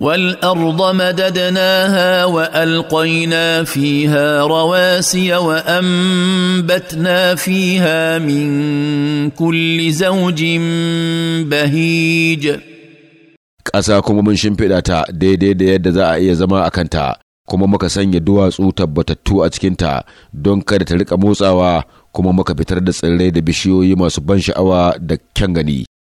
والأرض مددناها وألقينا فيها رواسي وأنبتنا فيها من كل زوج بهيج ƙasa kuma mun shimfiɗa ta daidai da yadda za a iya zama a kanta kuma muka sanya duwatsu tabbatattu a cikinta don kada ta riƙa motsawa kuma muka fitar da tsirrai da bishiyoyi masu ban sha'awa da kyan gani